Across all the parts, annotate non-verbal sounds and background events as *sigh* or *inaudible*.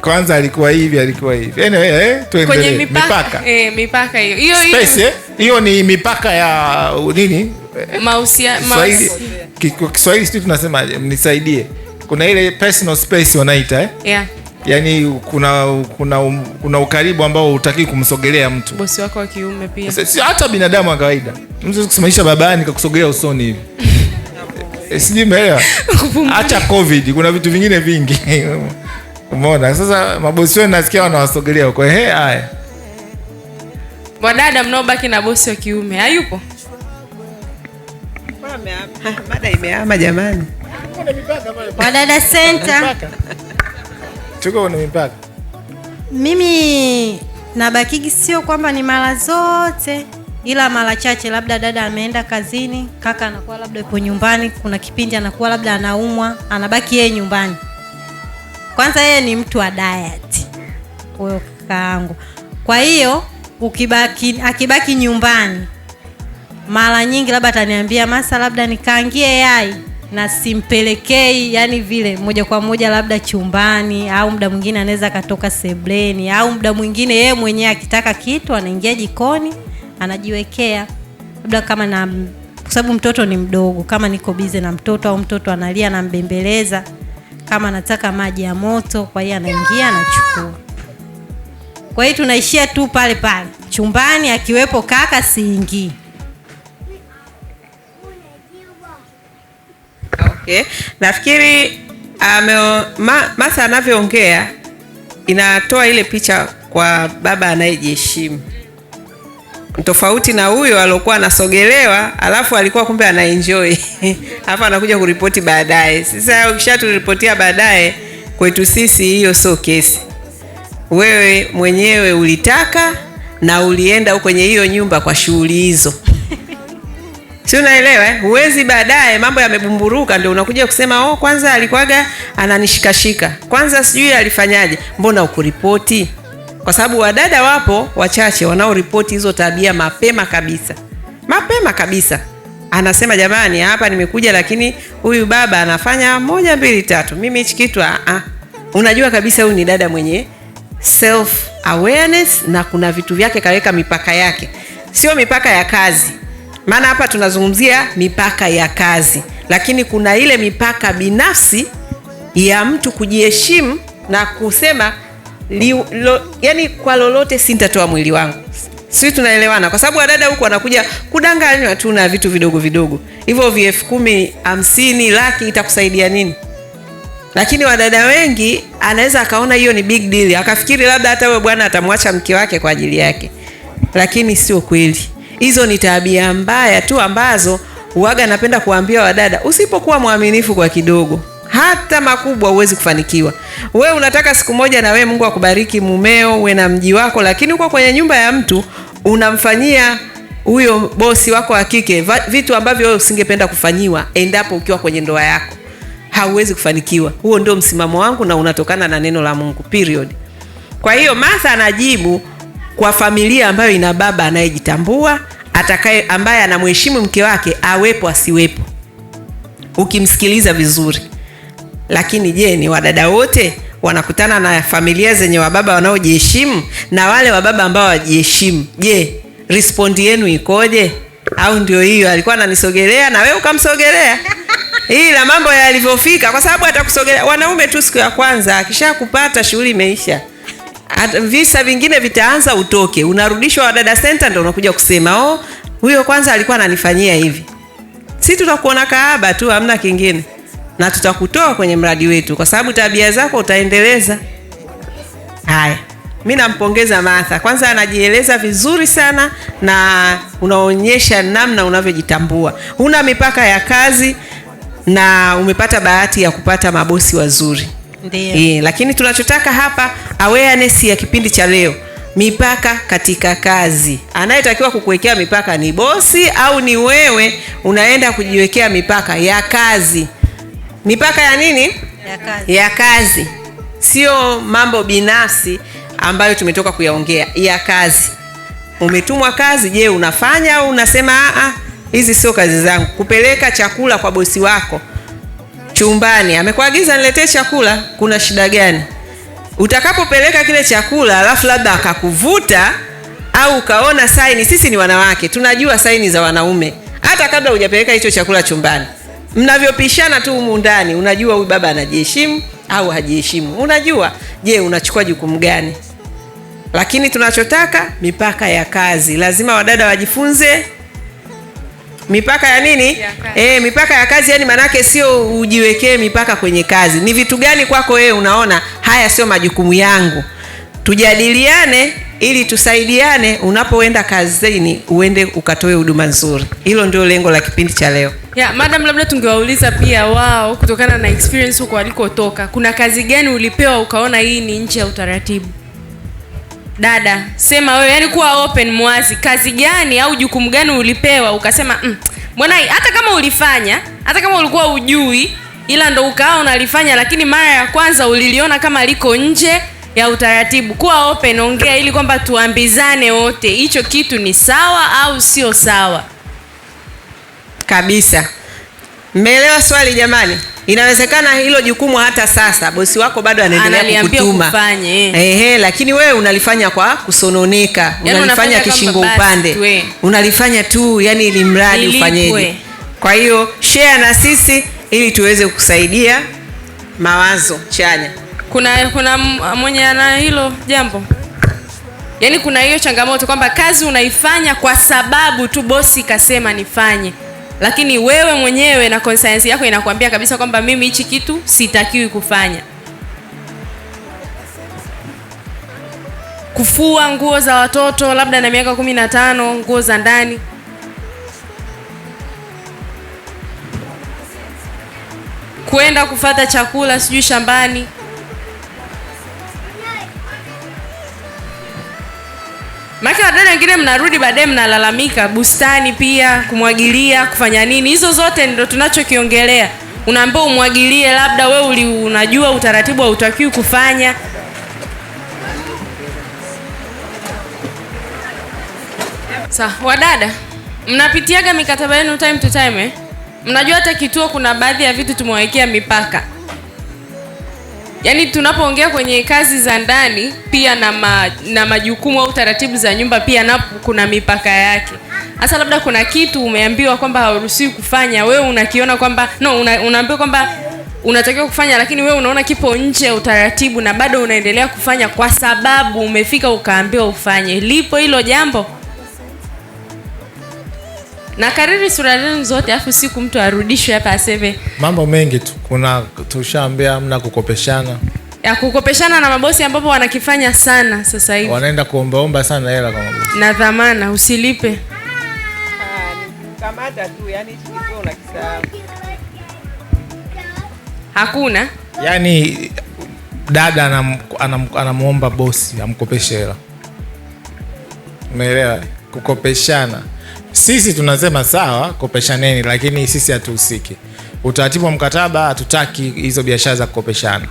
Kwanza alikuwa hivi, alikuwa hivi. Anyway, eh, tuendelee. Mipaka. *laughs* Eh, mipaka hiyo. Hiyo hiyo. Eh? Hiyo ni mipaka ya uh, nini? Mahusiano. Kiswahili sisi tunasema mnisaidie. Kuna ile personal space wanaita eh? Yeah. Yani kuna kuna um, kuna ukaribu ambao hutaki kumsogelea mtu. Bosi wako wa kiume pia. Sio hata binadamu wa kawaida. Mtu kusimamisha babani kakusogelea usoni hivi. *laughs* Eh, sijui mbele. Acha COVID, kuna vitu vingine vingi. *laughs* Umeona sasa, mabosi wenu nasikia wanawasogelea huko. Ehe, haya bwadada, mnaobaki na bosi wa kiume hayupo? Mada imeama jamani, wadada senta, tuko kwenye mipaka. Mimi nabakigi, sio kwamba ni mara zote, ila mara chache, labda dada ameenda kazini, kaka anakuwa labda yupo nyumbani, kuna kipindi anakuwa labda anaumwa, anabaki yeye nyumbani kwanza yeye ni mtu wa diet huyo kakaangu, kwa hiyo ukibaki akibaki nyumbani mara nyingi labda ataniambia Masa, labda nikaangie yai na simpelekei yani vile moja kwa moja labda chumbani, au muda mwingine anaweza akatoka sebleni, au muda mwingine yeye mwenyewe akitaka kitu anaingia jikoni anajiwekea, labda kama na, kwa sababu mtoto ni mdogo, kama niko bize na mtoto au mtoto analia nambembeleza kama anataka maji ya moto, kwa hiyo anaingia anachukua. Kwa hiyo tunaishia tu pale pale chumbani, akiwepo kaka siingii. Okay, nafikiri ame uh, ma, Masa anavyoongea inatoa ile picha kwa baba anayejiheshimu tofauti na huyo aliokuwa anasogelewa, alafu alikuwa kumbe ana enjoy hapa *laughs* anakuja kuripoti baadaye. Sasa ukishaturipotia baadaye, kwetu sisi hiyo sio kesi. Wewe mwenyewe ulitaka na ulienda kwenye hiyo nyumba kwa shughuli hizo, *laughs* si unaelewa? Eh? Huwezi baadaye mambo yamebumburuka, ndio unakuja kusema oh, kwanza alikuwaga ananishikashika, kwanza sijui alifanyaje, mbona ukuripoti? kwa sababu wadada wapo wachache wanaoripoti hizo tabia mapema kabisa, mapema kabisa. Anasema jamani, hapa nimekuja, lakini huyu baba anafanya moja mbili tatu, mimi hichi kitu ah. ah. Unajua kabisa huyu ni dada mwenye self awareness na kuna vitu vyake kaweka mipaka yake, sio mipaka ya kazi. Maana hapa tunazungumzia mipaka ya kazi, lakini kuna ile mipaka binafsi ya mtu kujiheshimu na kusema li, lo, yani kwa lolote sintatoa mwili wangu. Sisi tunaelewana, kwa sababu wadada huku wanakuja kudanganywa tu na vitu vidogo vidogo hivyo, elfu kumi, hamsini, laki itakusaidia nini? Lakini wadada wengi anaweza akaona hiyo ni big deal, akafikiri labda hata huyo bwana atamwacha mke wake kwa ajili yake, lakini sio kweli. Hizo ni tabia mbaya tu ambazo waga napenda kuwambia wadada, usipokuwa mwaminifu kwa kidogo hata makubwa huwezi kufanikiwa. We unataka siku moja na we Mungu akubariki mumeo, uwe na mji wako, lakini uko kwenye nyumba ya mtu unamfanyia huyo bosi wako wa kike vitu ambavyo wee usingependa kufanyiwa endapo ukiwa kwenye ndoa yako, hauwezi kufanikiwa. Huo ndio msimamo wangu na unatokana na neno la Mungu period. Kwa hiyo Martha anajibu kwa familia ambayo ina baba anayejitambua atakaye, ambaye anamheshimu mke wake, awepo asiwepo, ukimsikiliza vizuri. Lakini je, ni wadada wote wanakutana na familia zenye wababa wanaojiheshimu na wale wababa ambao wajiheshimu? Je, respondi yenu ikoje? Au ndio hiyo alikuwa ananisogelea na wewe ukamsogelea? Ila mambo yalivyofika, kwa sababu atakusogelea wanaume tu siku ya kwanza, akishakupata shughuli imeisha. At, visa vingine vitaanza, utoke unarudishwa Wadada Center, ndio unakuja kusema oh, huyo kwanza alikuwa ananifanyia hivi. Si tutakuona kaaba tu, hamna kingine na tutakutoa kwenye mradi wetu, kwa sababu tabia zako utaendeleza. Haya, mi nampongeza Martha, kwanza anajieleza vizuri sana na unaonyesha namna unavyojitambua. una mipaka ya kazi na umepata bahati ya kupata mabosi wazuri. Ndiyo. E, eh, lakini tunachotaka hapa awareness ya kipindi cha leo, mipaka katika kazi. Anayetakiwa kukuwekea mipaka ni bosi au ni wewe unaenda kujiwekea mipaka ya kazi? mipaka ya nini ya kazi, ya kazi. Sio mambo binafsi ambayo tumetoka kuyaongea, ya kazi. Umetumwa kazi, je, unafanya au unasema a, ah, ah, hizi sio kazi zangu? Kupeleka chakula kwa bosi wako chumbani, amekuagiza niletee chakula, kuna shida gani? Utakapopeleka kile chakula alafu labda akakuvuta au ukaona saini. Sisi ni wanawake tunajua saini za wanaume, hata kabla hujapeleka hicho chakula chumbani mnavyopishana tu humu ndani, unajua huyu baba anajiheshimu au hajiheshimu, unajua je, unachukua jukumu gani? Lakini tunachotaka mipaka ya kazi, lazima wadada wajifunze mipaka ya nini ya e, mipaka ya kazi. Yani maanake sio ujiwekee mipaka kwenye kazi, ni vitu gani kwako wewe unaona haya sio majukumu yangu, tujadiliane ili tusaidiane, unapoenda kazini uende ukatoe huduma nzuri. Hilo ndio lengo la kipindi cha leo. Yeah, madam, labda tungewauliza pia wao kutokana na experience huko walikotoka, kuna kazi gani ulipewa ukaona hii ni nje ya utaratibu? Dada, sema wewe, yani kuwa open, mwazi. Kazi gani au jukumu gani ulipewa ukasema mm, mwanai, hata kama ulifanya hata kama ulikuwa ujui, ila ndo ukawa unalifanya, lakini mara ya kwanza uliliona kama liko nje ya utaratibu. Kuwa open, ongea ili kwamba tuambizane wote hicho kitu ni sawa au sio sawa kabisa. Mmeelewa swali jamani? Inawezekana hilo jukumu hata sasa bosi wako bado anaendelea kukutuma kufanye, ehe, lakini wewe unalifanya kwa kusononeka, yaani unalifanya kishingo upande, eh. unalifanya tu yani ili mradi ufanyeje. Kwa hiyo share na sisi ili tuweze kukusaidia mawazo chanya kuna kuna mwenye ana hilo jambo yaani, kuna hiyo changamoto kwamba kazi unaifanya kwa sababu tu bosi kasema nifanye, lakini wewe mwenyewe na conscience yako inakwambia kabisa kwamba mimi hichi kitu sitakiwi kufanya. Kufua nguo za watoto labda na miaka kumi na tano, nguo za ndani kwenda kufata chakula sijui shambani Maana wadada wengine mnarudi baadaye mnalalamika, bustani pia kumwagilia, kufanya nini, hizo zote ndio tunachokiongelea. unaambia umwagilie, labda we uli unajua utaratibu hautakiwi kufanya. Sa wadada, mnapitiaga mikataba yenu time to time eh? Mnajua hata kituo kuna baadhi ya vitu tumewawekea mipaka yani tunapoongea kwenye kazi za ndani pia na, ma, na majukumu au taratibu za nyumba pia napo kuna mipaka yake. Hasa labda kuna kitu umeambiwa kwamba hauruhusiwi kufanya, wewe unakiona kwamba no, una, unaambiwa kwamba unatakiwa kufanya, lakini wewe unaona kipo nje ya utaratibu na bado unaendelea kufanya kwa sababu umefika ukaambiwa ufanye. Lipo hilo jambo? na kariri sura zenu zote, afu siku mtu arudishwe hapa aseme mambo mengi tu. Kuna tushaambia mna kukopeshana ya kukopeshana na mabosi, ambapo wanakifanya sana sasa hivi, wanaenda kuombaomba sana hela kwa mabosi na dhamana usilipe kamata tu, yani hakuna yani dada anamuomba bosi amkopeshe hela, umeelewa? Kukopeshana sisi tunasema sawa, kopeshaneni, lakini sisi hatuhusiki. Utaratibu wa mkataba hatutaki hizo biashara za kukopeshana,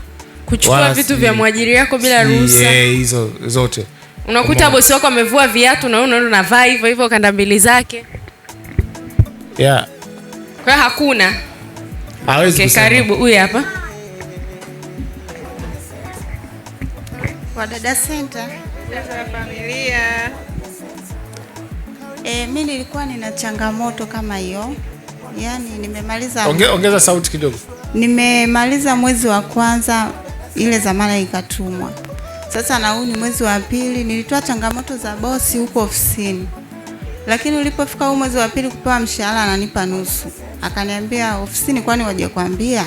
kuchukua vitu vya mwajiri yako bila ruhusa, hizo zote. Unakuta bosi wako amevua viatu na wewe unaenda unavaa hivyo hivyo mbili zake, yeah. Kwa hakuna hawezi okay, karibu huyu hapa Wadada Center. Familia. E, mi nilikuwa nina changamoto kama hiyo yani, nimemaliza Onge, ongeza sauti kidogo. Nimemaliza mwezi wa kwanza ile zamana ikatumwa, sasa na huu ni mwezi wa pili. Nilitoa changamoto za bosi huko ofisini, lakini ulipofika huu mwezi wa pili kupewa mshahara, ananipa nusu, akaniambia ofisini, kwani wajakwambia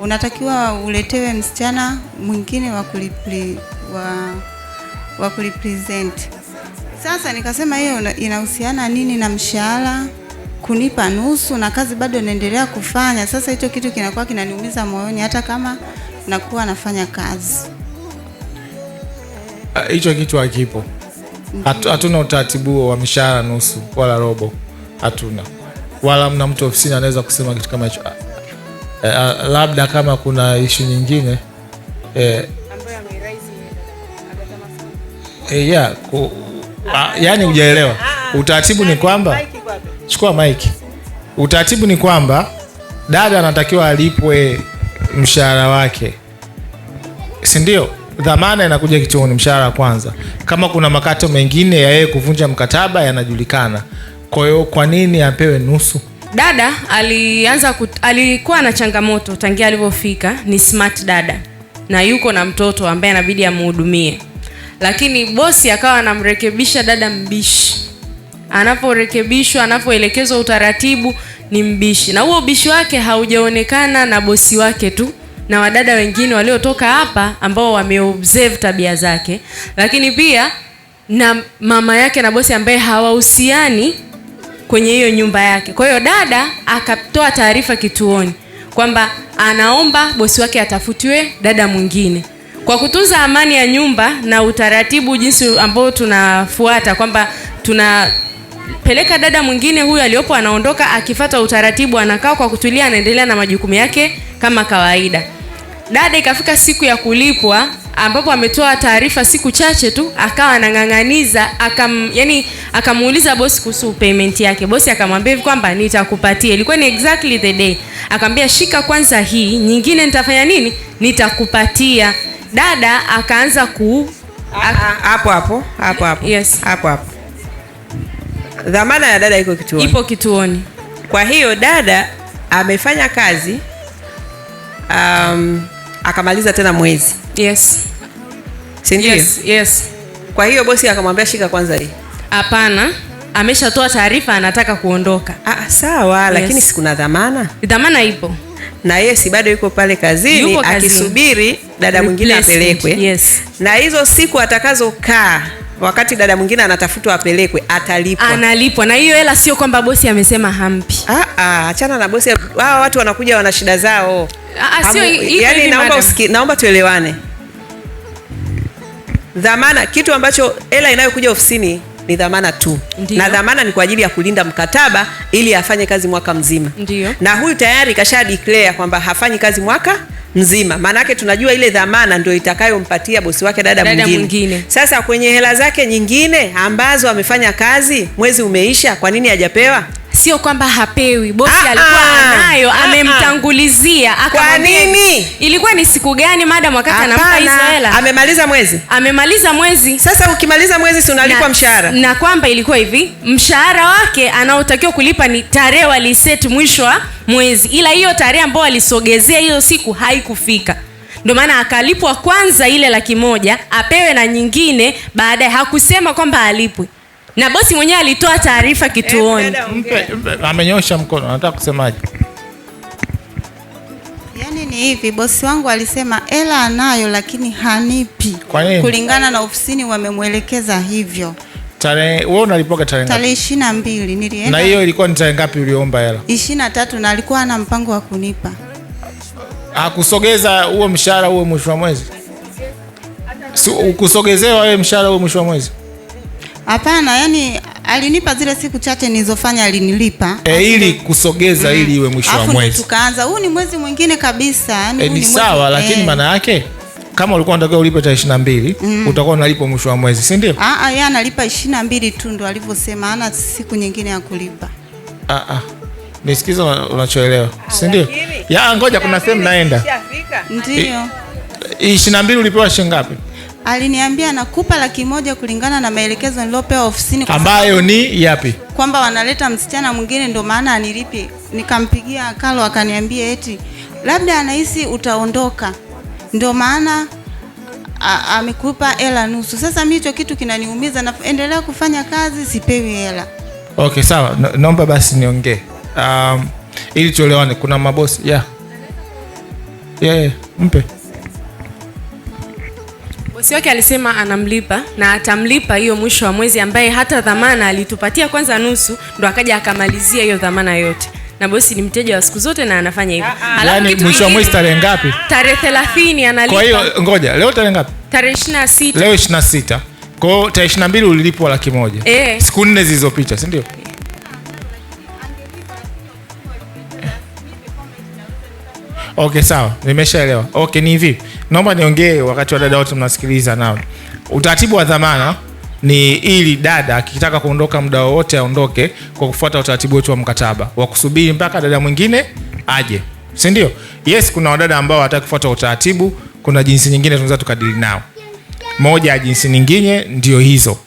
unatakiwa uletewe msichana mwingine wa kulipresent sasa nikasema hiyo inahusiana nini na mshahara kunipa nusu na kazi bado naendelea kufanya. Sasa hicho kitu kinakuwa kinaniumiza moyoni, hata kama nakuwa nafanya kazi. Ah, hicho kitu hakipo, mm-hmm. hatuna utaratibu wa mishahara nusu wala robo, hatuna wala mna mtu ofisini anaweza kusema kitu kama hicho. E, labda kama kuna ishu nyingine e, e, yeah, ku, Ah, yani hujaelewa. Ah, ah. Utaratibu ni yaani kwamba chukua mike. Utaratibu ni kwamba dada anatakiwa alipwe mshahara wake, si ndio? Dhamana inakuja kichoni, mshahara wa kwanza. Kama kuna makato mengine ya yeye kuvunja mkataba yanajulikana. Kwa hiyo kwa nini apewe nusu? Dada alianza kut, alikuwa na changamoto tangia alivyofika. Ni smart dada na yuko na mtoto ambaye anabidi amhudumie lakini bosi akawa anamrekebisha dada mbishi. Anaporekebishwa, anapoelekezwa utaratibu, ni mbishi, na huo ubishi wake haujaonekana na bosi wake tu na wadada wengine waliotoka hapa ambao wameobserve tabia zake, lakini pia na mama yake na bosi ambaye hawahusiani kwenye hiyo nyumba yake. Kwa hiyo dada akatoa taarifa kituoni kwamba anaomba bosi wake atafutiwe dada mwingine. Kwa kutunza amani ya nyumba na utaratibu jinsi ambao tunafuata kwamba tuna peleka dada mwingine huyu aliyopo anaondoka, akifata utaratibu, anakaa kwa kutulia, anaendelea na majukumu yake kama kawaida. Dada ikafika siku ya kulipwa ambapo ametoa taarifa siku chache tu, akawa anang'ang'aniza akam, yani akamuuliza bosi kuhusu payment yake. Bosi akamwambia hivi kwamba nitakupatia, ilikuwa ni exactly the day, akamwambia shika kwanza hii, nyingine nitafanya nini, nitakupatia. Dada akaanza ku hapo hapo hapo hapo, yes, hapo hapo dhamana ya dada iko kituoni, ipo kituoni. Kwa hiyo dada amefanya kazi um, akamaliza tena mwezi yes si ndio? Yes, yes. Kwa hiyo bosi akamwambia shika kwanza hii. Hapana, ameshatoa taarifa anataka kuondoka. Ah, sawa yes. Lakini kuna dhamana, dhamana ipo na yeye si bado yuko pale kazini, yuko kazini akisubiri dada mwingine apelekwe. Yes. Na hizo siku atakazokaa wakati dada mwingine anatafutwa apelekwe, atalipwa, analipwa na hiyo hela. Sio kwamba bosi amesema hampi. Ah, ah, achana na bosi. Hawa watu wanakuja wana shida zao. Ah, ah sio, yani naomba naomba tuelewane dhamana, kitu ambacho hela inayokuja ofisini ni dhamana tu. Ndiyo. Na dhamana ni kwa ajili ya kulinda mkataba ili afanye kazi mwaka mzima. Ndiyo. Na huyu tayari kasha declare kwamba hafanyi kazi mwaka mzima, maanake tunajua ile dhamana ndio itakayompatia bosi wake dada, dada mwingine. Mwingine sasa kwenye hela zake nyingine ambazo amefanya kazi, mwezi umeisha, kwa nini hajapewa? Sio kwamba hapewi, bosi alikuwa anayo, amemtangulizia. kwa nini? Ilikuwa ni siku gani madam wakati anampa hela? Amemaliza mwezi, amemaliza mwezi. Sasa ukimaliza mwezi, si unalipwa mshahara? Na kwamba ilikuwa hivi, mshahara wake anaotakiwa kulipa ni tarehe waliset mwisho wa mwezi, ila hiyo tarehe ambayo walisogezea hiyo siku haikufika ndio maana akalipwa kwanza ile laki moja apewe na nyingine baadaye. Hakusema kwamba alipwe na bosi mwenyewe alitoa taarifa eh, kituoni. Amenyosha mkono, anataka kusemaje? Yaani ni hivi, bosi wangu alisema hela anayo lakini hanipi. Kwa nini? Kulingana na ofisini wamemwelekeza hivyo. Tarehe wewe unalipoka tarehe ngapi? Tarehe mbili nilienda. Na hiyo ilikuwa ni tarehe ngapi uliomba hela? 23 na alikuwa ana mpango wa kunipa. Hakusogeza huo mshahara huo mwisho wa mwezi? Ukusogezewa wewe mshahara huo mwisho wa mwezi? Hapana, yani alinipa zile siku chache nilizofanya alinilipa. E, ili kusogeza mm, ili iwe mwisho wa mwezi. Tukaanza, huu ni mwezi mwingine kabisa. Yani e, ni sawa mwezi... lakini eh. maana yake kama ulikuwa unatakiwa ulipe tarehe 22 mm, utakuwa unalipa mwisho wa mwezi, si ndio? Ah ah, yeye analipa 22 tu ndo alivyosema, hana siku nyingine ya kulipa. Ah ah. Nisikiza unachoelewa, si ndio? Ya ngoja kuna sehemu naenda. Ndio. 22 ulipewa shilingi ngapi? 22. Aliniambia nakupa laki moja kulingana na maelekezo niliopewa ofisini, ambayo ni yapi? Kwamba wanaleta msichana mwingine, ndio maana anilipi Nikampigia Kalo akaniambia eti labda anahisi utaondoka, ndio maana amekupa hela nusu. Sasa mimi hicho kitu kinaniumiza, naendelea kufanya kazi, sipewi hela. Okay, sawa, naomba basi niongee um, ili tuelewane. Kuna mabosi yeah. Yeah, yeah, mpe bosi wake alisema anamlipa na atamlipa hiyo mwisho wa mwezi, ambaye hata dhamana alitupatia kwanza nusu, ndo akaja akamalizia hiyo dhamana yote na bosi ni mteja wa siku zote na anafanya hivyo. Ah, ah. Yaani mwisho wa mwezi tarehe ngapi? Tarehe 30 analipa. Kwa hiyo ngoja, leo tarehe ngapi? Tarehe 26. Leo 26. Kwa hiyo tarehe 22 ulilipwa laki moja. E. Siku nne zilizopita, si ndio? Eh. Okay, sawa. Nimeshaelewa. Okay, ni hivi naomba niongee wakati wa dada wote mnasikiliza nao. Utaratibu wa dhamana ni ili dada akitaka kuondoka muda wowote aondoke kwa kufuata utaratibu wetu wa mkataba wa kusubiri mpaka dada mwingine aje, si ndio? Yes, kuna wadada ambao hataki kufuata utaratibu. Kuna jinsi nyingine tunaweza tukadili nao, moja ya jinsi nyingine ndio hizo